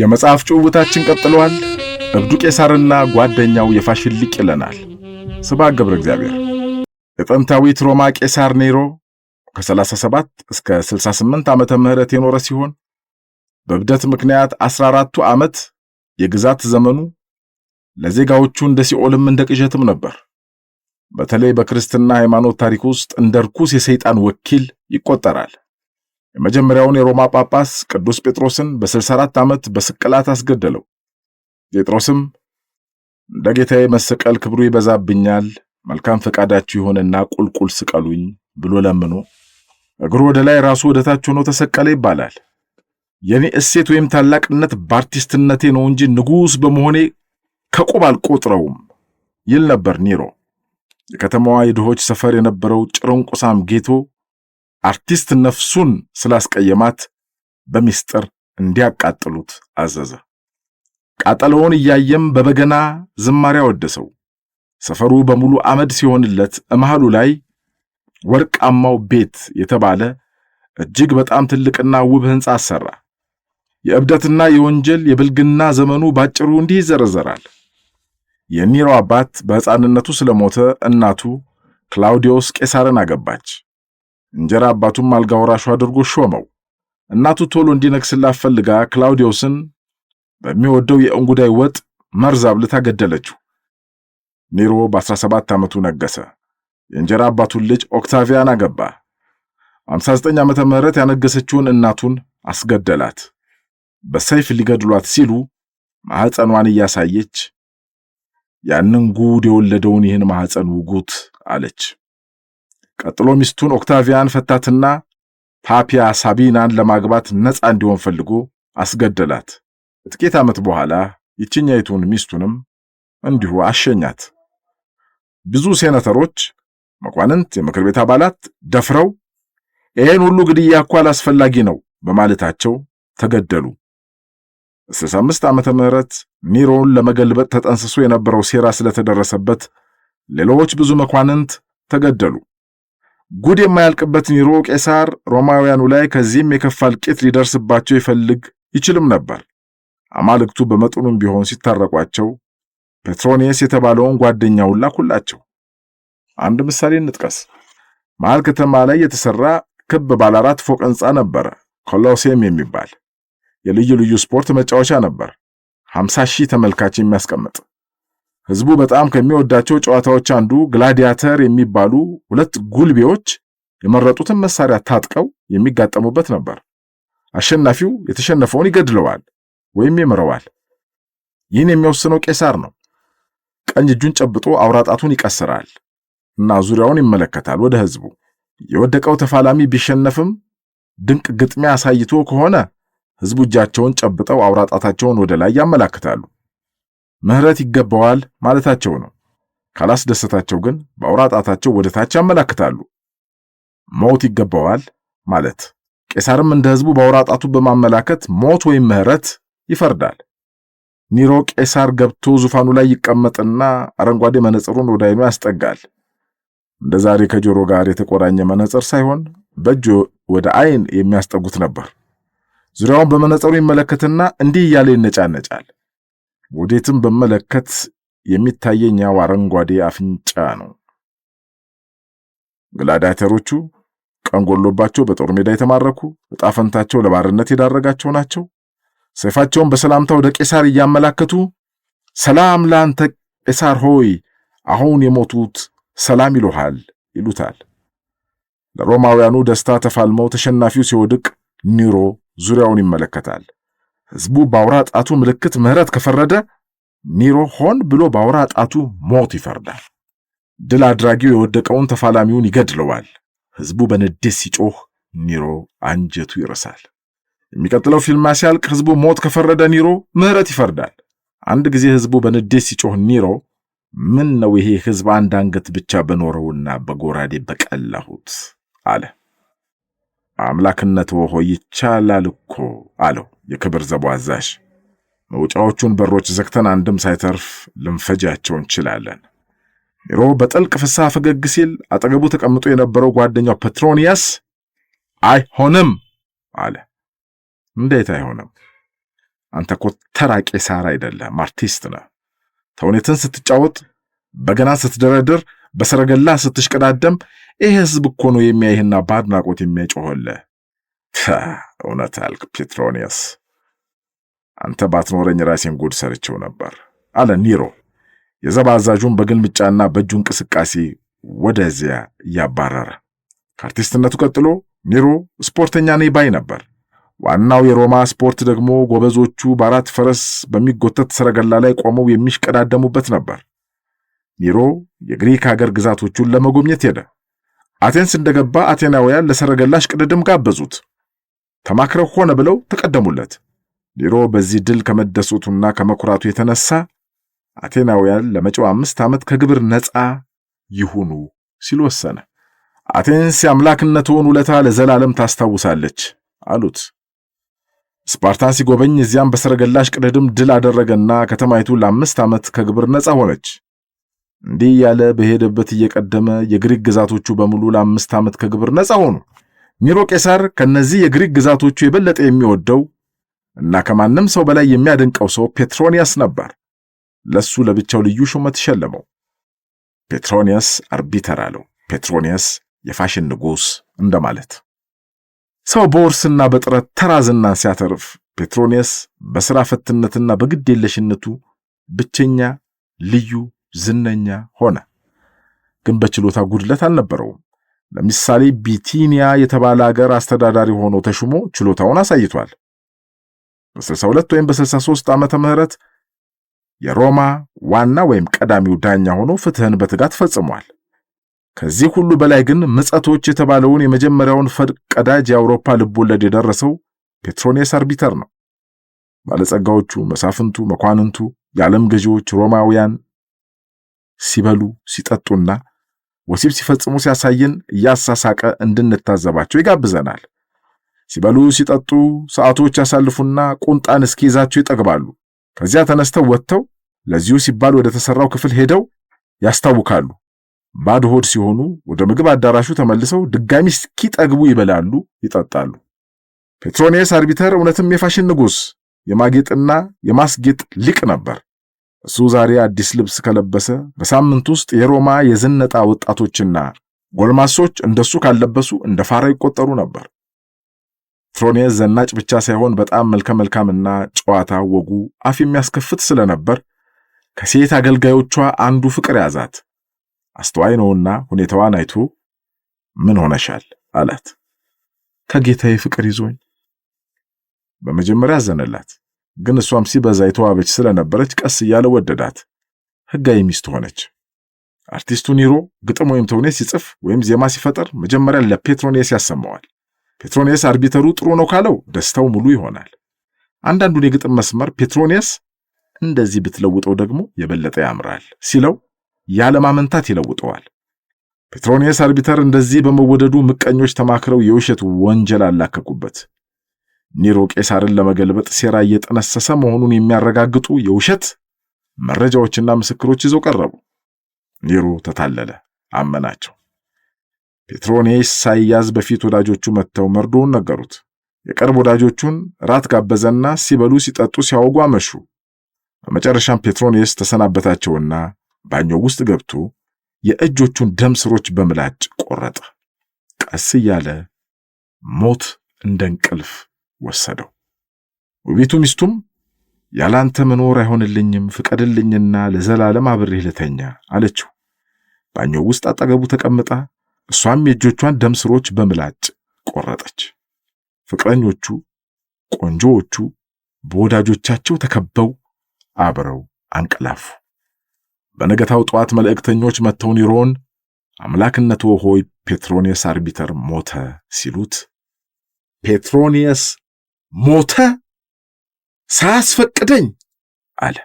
የመጽሐፍ ጭውውታችን ቀጥሏል። እብዱ ቄሳርና ጓደኛው የፋሽን ሊቅ ይለናል። ስብሐት ገብረ እግዚአብሔር የጥንታዊት ሮማ ቄሳር ኔሮ ከ37 እስከ 68 ዓመተ ምህረት የኖረ ሲሆን በእብደት ምክንያት 14ቱ ዓመት የግዛት ዘመኑ ለዜጋዎቹ እንደ ሲኦልም እንደ ቅዠትም ነበር። በተለይ በክርስትና ሃይማኖት ታሪክ ውስጥ እንደ ርኩስ የሰይጣን ወኪል ይቆጠራል። የመጀመሪያውን የሮማ ጳጳስ ቅዱስ ጴጥሮስን በ64 ዓመት በስቅላት አስገደለው። ጴጥሮስም እንደ ጌታዬ መሰቀል ክብሩ ይበዛብኛል፣ መልካም ፈቃዳችሁ ይሆንና ቁልቁል ስቀሉኝ ብሎ ለምኖ እግሩ ወደ ላይ ራሱ ወደ ታች ሆኖ ተሰቀለ ይባላል። የኔ እሴት ወይም ታላቅነት በአርቲስትነቴ ነው እንጂ ንጉሥ በመሆኔ ከቁብ አልቆጥረውም ይል ነበር ኒሮ። የከተማዋ የድሆች ሰፈር የነበረው ጭርንቁሳም ጌቶ አርቲስት ነፍሱን ስላስቀየማት በሚስጥር እንዲያቃጥሉት አዘዘ። ቃጠሎውን እያየም በበገና ዝማሬ አወደሰው። ሰፈሩ በሙሉ አመድ ሲሆንለት መሃሉ ላይ ወርቃማው ቤት የተባለ እጅግ በጣም ትልቅና ውብ ሕንፃ አሰራ። የእብደትና የወንጀል የብልግና ዘመኑ ባጭሩ እንዲህ ይዘረዘራል። የኒሮ አባት በሕፃንነቱ ስለሞተ እናቱ ክላውዲዮስ ቄሳርን አገባች። እንጀራ አባቱም አልጋ ወራሹ አድርጎ ሾመው። እናቱ ቶሎ እንዲነግስላት ፈልጋ ክላውዲዮስን በሚወደው የእንጉዳይ ወጥ መርዝ አብልታ ገደለችው። ኔሮ በ17 ዓመቱ ነገሰ። የእንጀራ አባቱን ልጅ ኦክታቪያን አገባ። 59 ዓመተ ምህረት ያነገሰችውን እናቱን አስገደላት። በሰይፍ ሊገድሏት ሲሉ ማህፀኗን እያሳየች ያንን ጉድ የወለደውን ይህን ማህፀን ውጉት አለች። ቀጥሎ ሚስቱን ኦክታቪያን ፈታትና ፓፒያ ሳቢናን ለማግባት ነፃ እንዲሆን ፈልጎ አስገደላት። ጥቂት ዓመት በኋላ ይችኛይቱን ሚስቱንም እንዲሁ አሸኛት። ብዙ ሴነተሮች፣ መኳንንት፣ የምክር ቤት አባላት ደፍረው ይህን ሁሉ ግድያ እኮ አላስፈላጊ ነው በማለታቸው ተገደሉ። 65 ዓመተ ምህረት ኒሮን ለመገልበጥ ተጠንስሶ የነበረው ሴራ ስለተደረሰበት ሌሎች ብዙ መኳንንት ተገደሉ። ጉድ የማያልቅበትን ኒሮ ቄሳር ሮማውያኑ ላይ ከዚህም የከፋ እልቂት ሊደርስባቸው ይፈልግ ይችልም ነበር። አማልክቱ በመጠኑም ቢሆን ሲታረቋቸው ፔትሮኔስ የተባለውን ጓደኛውን ላኩላቸው። አንድ ምሳሌ እንጥቀስ። መሀል ከተማ ላይ የተሰራ ክብ ባለ አራት ፎቅ ህንፃ ነበረ፣ ኮሎሴም የሚባል የልዩ ልዩ ስፖርት መጫወቻ ነበር፣ 50 ሺህ ተመልካች የሚያስቀምጥ ህዝቡ በጣም ከሚወዳቸው ጨዋታዎች አንዱ ግላዲያተር የሚባሉ ሁለት ጉልቤዎች የመረጡትን መሳሪያ ታጥቀው የሚጋጠሙበት ነበር። አሸናፊው የተሸነፈውን ይገድለዋል ወይም ይምረዋል። ይህን የሚወስነው ቄሳር ነው። ቀኝ እጁን ጨብጦ አውራጣቱን ይቀስራል እና ዙሪያውን ይመለከታል ወደ ህዝቡ። የወደቀው ተፋላሚ ቢሸነፍም ድንቅ ግጥሚያ አሳይቶ ከሆነ ህዝቡ እጃቸውን ጨብጠው አውራጣታቸውን ወደ ላይ ያመላክታሉ። ምሕረት ይገባዋል ማለታቸው ነው። ካላስደሰታቸው ግን በአውራ ጣታቸው ወደ ታች ያመላክታሉ። ሞት ይገባዋል ማለት ቄሳርም እንደ ሕዝቡ በአውራ ጣቱ በማመላከት ሞት ወይም ምሕረት ይፈርዳል። ኒሮ ቄሳር ገብቶ ዙፋኑ ላይ ይቀመጥና አረንጓዴ መነጽሩን ወደ አይኑ ያስጠጋል። እንደ ዛሬ ከጆሮ ጋር የተቆራኘ መነጽር ሳይሆን በእጅ ወደ አይን የሚያስጠጉት ነበር። ዙሪያውን በመነጽሩ ይመለከትና እንዲህ እያለ ይነጫነጫል። ወዴትም በመለከት የሚታየኝ ያው አረንጓዴ አፍንጫ ነው። ግላዳተሮቹ ቀን ጎሎባቸው በጦር ሜዳ የተማረኩ ዕጣ ፈንታቸው ለባርነት የዳረጋቸው ናቸው። ሰይፋቸውን በሰላምታ ወደ ቄሳር እያመላከቱ ሰላም ለአንተ ቄሳር ሆይ አሁን የሞቱት ሰላም ይሉሃል ይሉታል። ለሮማውያኑ ደስታ ተፋልመው ተሸናፊው ሲወድቅ ኒሮ ዙሪያውን ይመለከታል። ህዝቡ በአውራ ጣቱ ምልክት ምህረት ከፈረደ ኒሮ ሆን ብሎ በአውራ ጣቱ ሞት ይፈርዳል። ድል አድራጊው የወደቀውን ተፋላሚውን ይገድለዋል። ህዝቡ በንዴት ሲጮህ ኒሮ አንጀቱ ይርሳል። የሚቀጥለው ፊልም ሲያልቅ ህዝቡ ሞት ከፈረደ ኒሮ ምህረት ይፈርዳል። አንድ ጊዜ ህዝቡ በንዴት ሲጮህ ኒሮ ምን ነው ይሄ ህዝብ አንድ አንገት ብቻ በኖረውና በጎራዴ በቀላሁት አለ። አምላክነት ሆሆ ይቻላል እኮ አለው የክብር ዘቡ አዛዥ። መውጫዎቹን በሮች ዘግተን አንድም ሳይተርፍ ልንፈጃቸው እንችላለን። ኔሮ በጥልቅ ፍሳ ፈገግ ሲል አጠገቡ ተቀምጦ የነበረው ጓደኛው ፔትሮኒያስ አይሆንም አለ። እንዴት አይሆንም? አንተ እኮ ተራ ቄሳር አይደለም፣ አርቲስት ነህ። ተውኔትን ስትጫወት፣ በገና ስትደረድር በሰረገላ ስትሽቀዳደም ይህ ህዝብ እኮ ነው የሚያይህና በአድናቆት የሚያጮኸልህ። እውነት አልክ ፔትሮኒየስ፣ አንተ ባትኖረኝ ራሴን ጉድ ሰርቼው ነበር አለ ኒሮ የዘብ አዛዡን በግልምጫና በእጁ እንቅስቃሴ ወደዚያ እያባረረ። ከአርቲስትነቱ ቀጥሎ ኒሮ ስፖርተኛ ነኝ ባይ ነበር። ዋናው የሮማ ስፖርት ደግሞ ጎበዞቹ በአራት ፈረስ በሚጎተት ሰረገላ ላይ ቆመው የሚሽቀዳደሙበት ነበር። ኒሮ የግሪክ ሀገር ግዛቶቹን ለመጎብኘት ሄደ። አቴንስ እንደገባ አቴናውያን ለሰረገላሽ ቅድድም ጋበዙት። ተማክረው ሆነ ብለው ተቀደሙለት። ኒሮ በዚህ ድል ከመደሰቱና ከመኩራቱ የተነሳ አቴናውያን ለመጪው አምስት ዓመት ከግብር ነፃ ይሁኑ ሲል ወሰነ። አቴንስ የአምላክነትውን ውለታ ለዘላለም ታስታውሳለች አሉት። ስፓርታን ሲጎበኝ እዚያም በሰረገላሽ ቅደድም ድል አደረገና ከተማይቱ ለአምስት ዓመት ከግብር ነፃ ሆነች። እንዲህ እያለ በሄደበት እየቀደመ የግሪክ ግዛቶቹ በሙሉ ለአምስት ዓመት ከግብር ነፃ ሆኑ። ኒሮ ቄሳር ከነዚህ የግሪክ ግዛቶቹ የበለጠ የሚወደው እና ከማንም ሰው በላይ የሚያደንቀው ሰው ፔትሮኒያስ ነበር። ለሱ ለብቻው ልዩ ሹመት ሸለመው። ፔትሮኒያስ አርቢተር አለው። ፔትሮኒያስ የፋሽን ንጉስ እንደማለት። ሰው በውርስና በጥረት ተራዝና ሲያተርፍ፣ ፔትሮኒያስ በሥራ ፈትነትና በግድ የለሽነቱ ብቸኛ ልዩ ዝነኛ ሆነ። ግን በችሎታ ጉድለት አልነበረውም። ለምሳሌ ቢቲኒያ የተባለ አገር አስተዳዳሪ ሆኖ ተሹሞ ችሎታውን አሳይቷል። በ62 ወይም በ63 ዓመተ ምህረት የሮማ ዋና ወይም ቀዳሚው ዳኛ ሆኖ ፍትህን በትጋት ፈጽሟል። ከዚህ ሁሉ በላይ ግን ምጸቶች የተባለውን የመጀመሪያውን ፈርቀዳጅ የአውሮፓ ልቦለድ የደረሰው ፔትሮኒየስ አርቢተር ነው። ባለጸጋዎቹ መሳፍንቱ፣ መኳንንቱ፣ የዓለም ገዢዎች ሮማውያን ሲበሉ ሲጠጡና ወሲብ ሲፈጽሙ ሲያሳየን እያሳሳቀ እንድንታዘባቸው ይጋብዘናል። ሲበሉ ሲጠጡ ሰዓቶች ያሳልፉና ቁንጣን እስኪይዛቸው ይጠግባሉ። ከዚያ ተነስተው ወጥተው ለዚሁ ሲባል ወደ ተሰራው ክፍል ሄደው ያስታውካሉ። ባዶ ሆድ ሲሆኑ ወደ ምግብ አዳራሹ ተመልሰው ድጋሚ እስኪጠግቡ ይበላሉ፣ ይጠጣሉ። ፔትሮኔስ አርቢተር እውነትም የፋሽን ንጉሥ የማጌጥና የማስጌጥ ሊቅ ነበር። እሱ ዛሬ አዲስ ልብስ ከለበሰ በሳምንት ውስጥ የሮማ የዝነጣ ወጣቶችና ጎልማሶች እንደሱ ካልለበሱ እንደ ፋራ ይቆጠሩ ነበር። ፍሮኔስ ዘናጭ ብቻ ሳይሆን በጣም መልከ መልካምና ጨዋታ ወጉ አፍ የሚያስከፍት ስለነበር ከሴት አገልጋዮቿ አንዱ ፍቅር ያዛት። አስተዋይ ነውና ሁኔታዋን አይቶ ምን ሆነሻል አላት። ከጌታዬ ፍቅር ይዞኝ። በመጀመሪያ አዘነላት። ግን እሷም ሲበዛ የተዋበች ስለነበረች ቀስ እያለ ወደዳት፣ ህጋዊ ሚስት ሆነች። አርቲስቱ ኒሮ ግጥም ወይም ተውኔት ሲጽፍ ወይም ዜማ ሲፈጠር መጀመሪያ ለፔትሮኔስ ያሰማዋል። ፔትሮኔስ አርቢተሩ ጥሩ ነው ካለው ደስታው ሙሉ ይሆናል። አንዳንዱን የግጥም መስመር ፔትሮኔስ እንደዚህ ብትለውጠው ደግሞ የበለጠ ያምራል ሲለው ያለማመንታት ይለውጠዋል። ፔትሮኔስ አርቢተር እንደዚህ በመወደዱ ምቀኞች ተማክረው የውሸት ወንጀል አላከኩበት። ኒሮ ቄሳርን ለመገልበጥ ሴራ እየጠነሰሰ መሆኑን የሚያረጋግጡ የውሸት መረጃዎችና ምስክሮች ይዘው ቀረቡ። ኒሮ ተታለለ፣ አመናቸው። ፔትሮኔስ ሳይያዝ በፊት ወዳጆቹ መጥተው መርዶውን ነገሩት። የቅርብ ወዳጆቹን ራት ጋበዘና ሲበሉ ሲጠጡ ሲያወጉ አመሹ። በመጨረሻም ፔትሮኔስ ተሰናበታቸውና ባኞ ውስጥ ገብቶ የእጆቹን ደም ስሮች በምላጭ ቆረጠ። ቀስ እያለ ሞት እንደ እንቅልፍ ወሰደው። ውቢቱ ሚስቱም ያላንተ መኖር አይሆንልኝም፣ ፍቀድልኝና ለዘላለም አብሬህ ልተኛ አለችው። ባኞው ውስጥ አጠገቡ ተቀምጣ እሷም የእጆቿን ደም ስሮች በምላጭ ቆረጠች። ፍቅረኞቹ ቆንጆዎቹ በወዳጆቻቸው ተከበው አብረው አንቀላፉ። በነገታው ጠዋት መልእክተኞች መጥተው ኒሮን አምላክነቶ ሆይ ፔትሮኒየስ አርቢተር ሞተ ሲሉት ፔትሮኒየስ ሞተ ሳያስፈቅደኝ አለ።